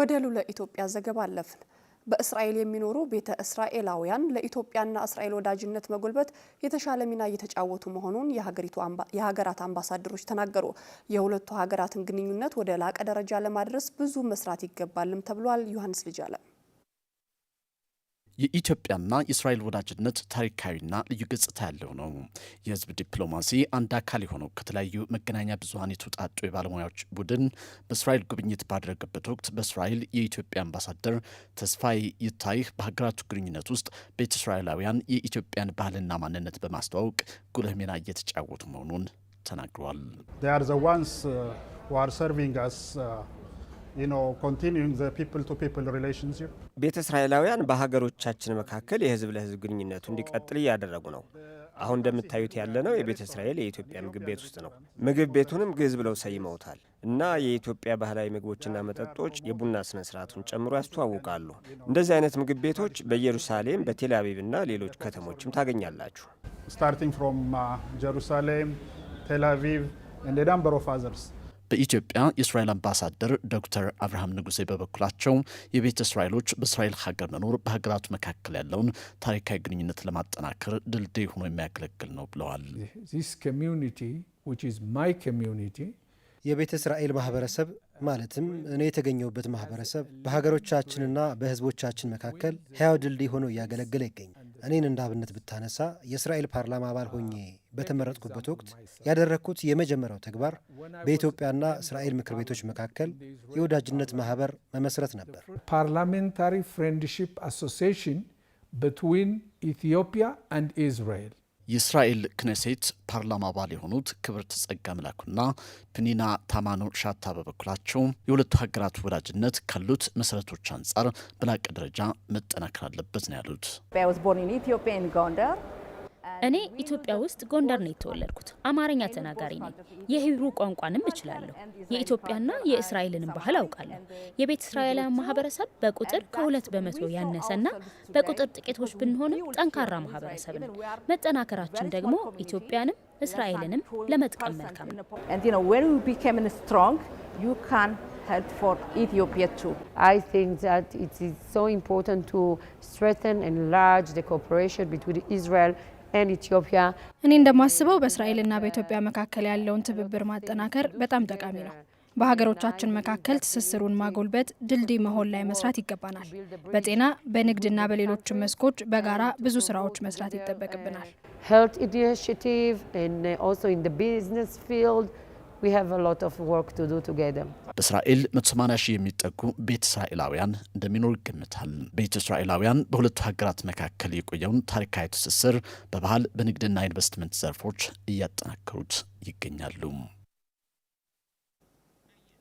ወደ ሉለ ኢትዮጵያ ዘገባ አለፍን። በእስራኤል የሚኖሩ ቤተ እስራኤላውያን ለኢትዮጵያና እስራኤል ወዳጅነት መጎልበት የተሻለ ሚና እየተጫወቱ መሆኑን የሀገሪቱ የሀገራት አምባሳደሮች ተናገሩ። የሁለቱ ሀገራትን ግንኙነት ወደ ላቀ ደረጃ ለማድረስ ብዙ መስራት ይገባልም ተብሏል። ዮሐንስ ልጅ አለም የኢትዮጵያና የእስራኤል ወዳጅነት ታሪካዊና ልዩ ገጽታ ያለው ነው። የህዝብ ዲፕሎማሲ አንድ አካል የሆነው ከተለያዩ መገናኛ ብዙኃን የተውጣጡ የባለሙያዎች ቡድን በእስራኤል ጉብኝት ባደረገበት ወቅት በእስራኤል የኢትዮጵያ አምባሳደር ተስፋዬ ይታይህ በሀገራቱ ግንኙነት ውስጥ ቤተ እስራኤላውያን የኢትዮጵያን ባህልና ማንነት በማስተዋወቅ ጉልህ ሚና እየተጫወቱ መሆኑን ተናግረዋል። ቤተ እስራኤላውያን በሀገሮቻችን መካከል የህዝብ ለህዝብ ግንኙነቱ እንዲቀጥል እያደረጉ ነው። አሁን እንደምታዩት ያለነው የቤተ እስራኤል የኢትዮጵያ ምግብ ቤት ውስጥ ነው። ምግብ ቤቱንም ግዕዝ ብለው ሰይመውታል እና የኢትዮጵያ ባህላዊ ምግቦችና መጠጦች የቡና ስነ ስርዓቱን ጨምሮ ያስተዋውቃሉ። እንደዚህ አይነት ምግብ ቤቶች በኢየሩሳሌም በቴል እና ሌሎች ከተሞችም ታገኛላችሁ። ስታርቲንግ ፍሮም ጀሩሳሌም ቴል አቪቭ ኤንድ ናምበር ኦፍ አዘርስ በኢትዮጵያ የእስራኤል አምባሳደር ዶክተር አብርሃም ንጉሴ በበኩላቸው የቤተ እስራኤሎች በእስራኤል ሀገር መኖር በሀገራቱ መካከል ያለውን ታሪካዊ ግንኙነት ለማጠናከር ድልድይ ሆኖ የሚያገለግል ነው ብለዋል። የቤተ እስራኤል ማህበረሰብ ማለትም እኔ የተገኘሁበት ማህበረሰብ በሀገሮቻችንና በህዝቦቻችን መካከል ሕያው ድልድይ ሆኖ እያገለገለ ይገኛል። እኔን እንደ አብነት ብታነሳ የእስራኤል ፓርላማ አባል ሆኜ በተመረጥኩበት ወቅት ያደረግኩት የመጀመሪያው ተግባር በኢትዮጵያና እስራኤል ምክር ቤቶች መካከል የወዳጅነት ማህበር መመስረት ነበር። ፓርላሜንታሪ ፍሬንድሺፕ አሶሲሽን ብትዊን ኢትዮጵያ አንድ ኢዝራኤል የእስራኤል ክነሴት ፓርላማ አባል የሆኑት ክብርት ጸጋ መላኩና ፕኒና ታማኖ ሻታ በበኩላቸው የሁለቱ ሀገራት ወዳጅነት ካሉት መሰረቶች አንጻር በላቀ ደረጃ መጠናከር አለበት ነው ያሉት። እኔ ኢትዮጵያ ውስጥ ጎንደር ነው የተወለድኩት። አማርኛ ተናጋሪ ነኝ። የሂብሩ ቋንቋንም እችላለሁ። የኢትዮጵያና የእስራኤልንም ባህል አውቃለሁ። የቤተ እስራኤላውያን ማህበረሰብ በቁጥር ከሁለት በመቶ ያነሰና በቁጥር ጥቂቶች ብንሆንም ጠንካራ ማህበረሰብ ነን። መጠናከራችን ደግሞ ኢትዮጵያንም እስራኤልንም ለመጥቀም መልካም ነው። ኢትዮጵያ እኔ እንደማስበው በእስራኤልና በኢትዮጵያ መካከል ያለውን ትብብር ማጠናከር በጣም ጠቃሚ ነው። በሀገሮቻችን መካከል ትስስሩን ማጎልበት ድልድይ መሆን ላይ መስራት ይገባናል። በጤና በንግድና በሌሎች መስኮች በጋራ ብዙ ስራዎች መስራት ይጠበቅብናል። በእስራኤል 180 ሺህ የሚጠጉ ቤተ እስራኤላውያን እንደሚኖር ይገምታል። ቤተ እስራኤላውያን በሁለቱ ሀገራት መካከል የቆየውን ታሪካዊ ትስስር በባህል በንግድና ኢንቨስትመንት ዘርፎች እያጠናከሩት ይገኛሉ።